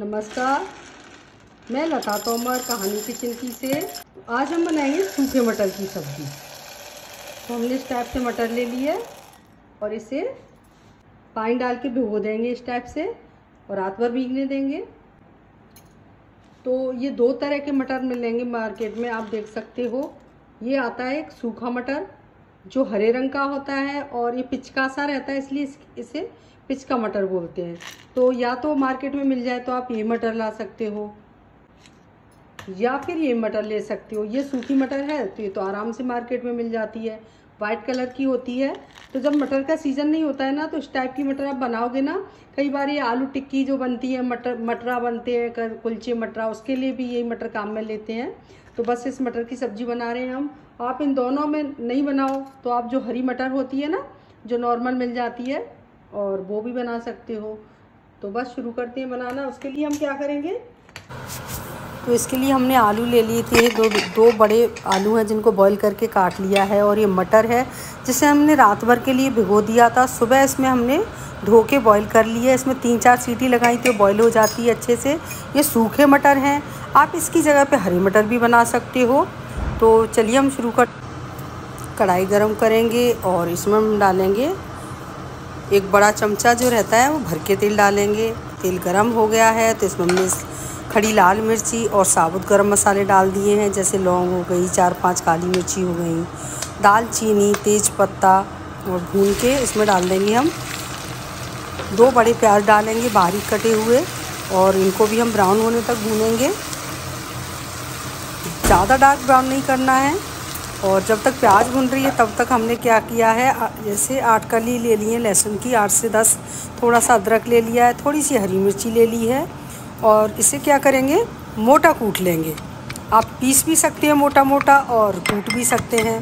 नमस्कार मैं लता तोमर कहानी किचन की से आज हम बनाएंगे सूखे मटर की सब्ज़ी तो हमने इस टाइप से मटर ले लिए और इसे पानी डाल के भिगो देंगे इस टाइप से और रात भर भीगने देंगे तो ये दो तरह के मटर मिलेंगे मार्केट में आप देख सकते हो ये आता है एक सूखा मटर जो हरे रंग का होता है और ये पिचका सा रहता है इसलिए इसे पिचका मटर बोलते हैं तो या तो मार्केट में मिल जाए तो आप ये मटर ला सकते हो या फिर ये मटर ले सकते हो ये सूखी मटर है तो ये तो आराम से मार्केट में मिल जाती है वाइट कलर की होती है तो जब मटर का सीज़न नहीं होता है ना तो इस टाइप की मटर आप बनाओगे ना कई बार ये आलू टिक्की जो बनती है मटर मटरा बनते हैं कुलचे मटरा उसके लिए भी यही मटर काम में लेते हैं तो बस इस मटर की सब्ज़ी बना रहे हैं हम आप इन दोनों में नहीं बनाओ तो आप जो हरी मटर होती है ना जो नॉर्मल मिल जाती है और वो भी बना सकते हो तो बस शुरू करते हैं बनाना उसके लिए हम क्या करेंगे तो इसके लिए हमने आलू ले लिए थे दो दो बड़े आलू हैं जिनको बॉईल करके काट लिया है और ये मटर है जिसे हमने रात भर के लिए भिगो दिया था सुबह इसमें हमने धो के बॉईल कर लिए इसमें तीन चार सीटी लगाई थी बॉईल हो जाती है अच्छे से ये सूखे मटर हैं आप इसकी जगह पे हरे मटर भी बना सकते हो तो चलिए हम शुरू कर कढ़ाई गर्म करेंगे और इसमें हम डालेंगे एक बड़ा चमचा जो रहता है वो भर के तेल डालेंगे तेल गर्म हो गया है तो इसमें हमने खड़ी लाल मिर्ची और साबुत गर्म मसाले डाल दिए हैं जैसे लौंग हो गई चार पांच काली मिर्ची हो गई दालचीनी तेज पत्ता और भून के इसमें डाल देंगे हम दो बड़े प्याज डालेंगे बारीक कटे हुए और इनको भी हम ब्राउन होने तक भूनेंगे ज़्यादा डार्क ब्राउन नहीं करना है और जब तक प्याज भुन रही है तब तक हमने क्या किया है जैसे आठ कली ले ली है लहसुन की आठ से दस थोड़ा सा अदरक ले लिया है थोड़ी सी हरी मिर्ची ले ली है और इसे क्या करेंगे मोटा कूट लेंगे आप पीस भी सकते हैं मोटा मोटा और कूट भी सकते हैं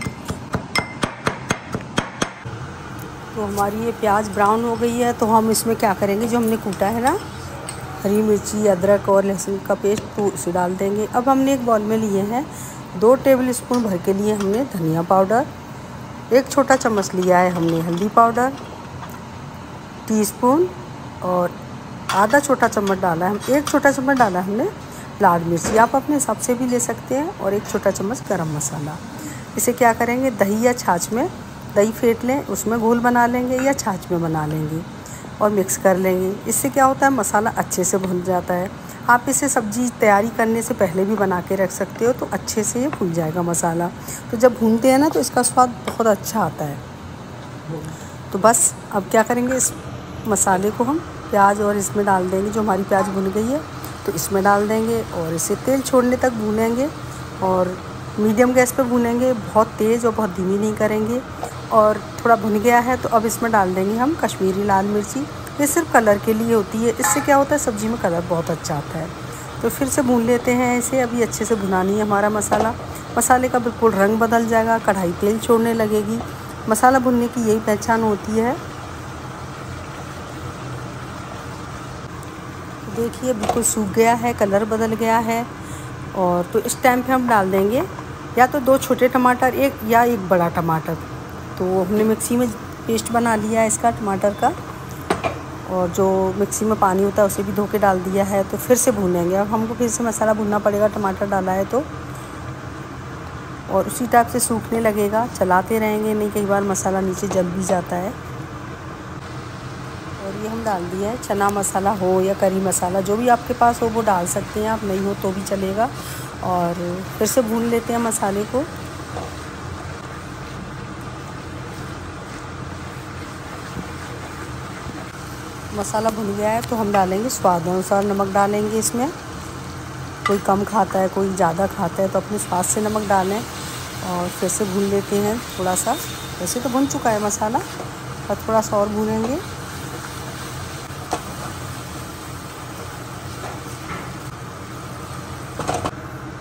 तो हमारी ये प्याज ब्राउन हो गई है तो हम इसमें क्या करेंगे जो हमने कूटा है ना हरी मिर्ची अदरक और लहसुन का पेस्ट उसे डाल देंगे अब हमने एक बॉल में लिए हैं दो टेबल स्पून भर के लिए हमने धनिया पाउडर एक छोटा चम्मच लिया है हमने हल्दी पाउडर टीस्पून और आधा छोटा चम्मच डाला है एक छोटा चम्मच डाला है हमने लाल मिर्ची आप अपने हिसाब से भी ले सकते हैं और एक छोटा चम्मच गरम मसाला इसे क्या करेंगे दही या छाछ में दही फेंट लें उसमें घोल बना लेंगे या छाछ में बना लेंगे और मिक्स कर लेंगे इससे क्या होता है मसाला अच्छे से भुन जाता है आप इसे सब्जी तैयारी करने से पहले भी बना के रख सकते हो तो अच्छे से ये भुन जाएगा मसाला तो जब भूनते हैं ना तो इसका स्वाद बहुत अच्छा आता है तो बस अब क्या करेंगे इस मसाले को हम प्याज और इसमें डाल देंगे जो हमारी प्याज भुन गई है तो इसमें डाल देंगे और इसे तेल छोड़ने तक भूनेंगे और मीडियम गैस पर भूनेंगे बहुत तेज़ और बहुत धीमी नहीं करेंगे और थोड़ा भुन गया है तो अब इसमें डाल देंगे हम कश्मीरी लाल मिर्ची ये सिर्फ कलर के लिए होती है इससे क्या होता है सब्ज़ी में कलर बहुत अच्छा आता है तो फिर से भून लेते हैं इसे अभी अच्छे से भुनानी है हमारा मसाला मसाले का बिल्कुल रंग बदल जाएगा कढ़ाई तेल छोड़ने लगेगी मसाला भुनने की यही पहचान होती है देखिए बिल्कुल सूख गया है कलर बदल गया है और तो इस टाइम पे हम डाल देंगे या तो दो छोटे टमाटर एक या एक बड़ा टमाटर तो हमने मिक्सी में पेस्ट बना लिया है इसका टमाटर का और जो मिक्सी में पानी होता है उसे भी धो के डाल दिया है तो फिर से भूनेंगे अब हमको फिर से मसाला भूनना पड़ेगा टमाटर डाला है तो और उसी टाइप से सूखने लगेगा चलाते रहेंगे नहीं कई बार मसाला नीचे जल भी जाता है और ये हम डाल दिया है चना मसाला हो या करी मसाला जो भी आपके पास हो वो डाल सकते हैं आप नहीं हो तो भी चलेगा और फिर से भून लेते हैं मसाले को मसाला भुन गया है तो हम डालेंगे स्वाद अनुसार नमक डालेंगे इसमें कोई कम खाता है कोई ज़्यादा खाता है तो अपने स्वाद से नमक डालें और फिर से भून लेते हैं थोड़ा सा वैसे तो भुन चुका है मसाला और थोड़ा सा और भूनेंगे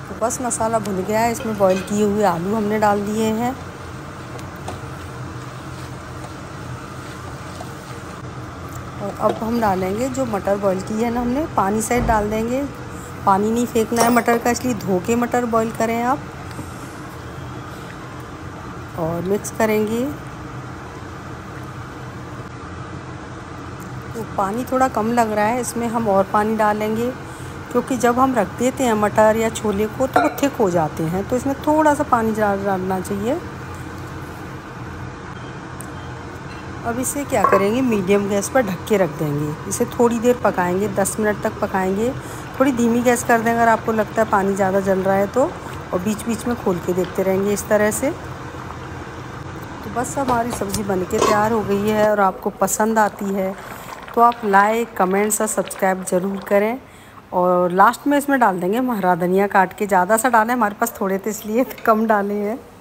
तो बस मसाला भुन गया है इसमें बॉईल किए हुए आलू हमने डाल दिए हैं अब हम डालेंगे जो मटर बॉईल की है ना हमने पानी साइड डाल देंगे पानी नहीं फेंकना है मटर का इसलिए धो के मटर बॉईल करें आप और मिक्स करेंगे तो पानी थोड़ा कम लग रहा है इसमें हम और पानी डालेंगे क्योंकि जब हम रख देते हैं मटर या छोले को तो वो थिक हो जाते हैं तो इसमें थोड़ा सा पानी डालना चाहिए अब इसे क्या करेंगे मीडियम गैस पर ढक के रख देंगे इसे थोड़ी देर पकाएंगे दस मिनट तक पकाएंगे थोड़ी धीमी गैस कर दें अगर आपको लगता है पानी ज़्यादा जल रहा है तो और बीच बीच में खोल के देखते रहेंगे इस तरह से तो बस हमारी सब्ज़ी बन के तैयार हो गई है और आपको पसंद आती है तो आप लाइक कमेंट्स और सब्सक्राइब ज़रूर करें और लास्ट में इसमें डाल देंगे हरा धनिया काट के ज़्यादा सा डालें हमारे पास थोड़े तो इसलिए कम डाले हैं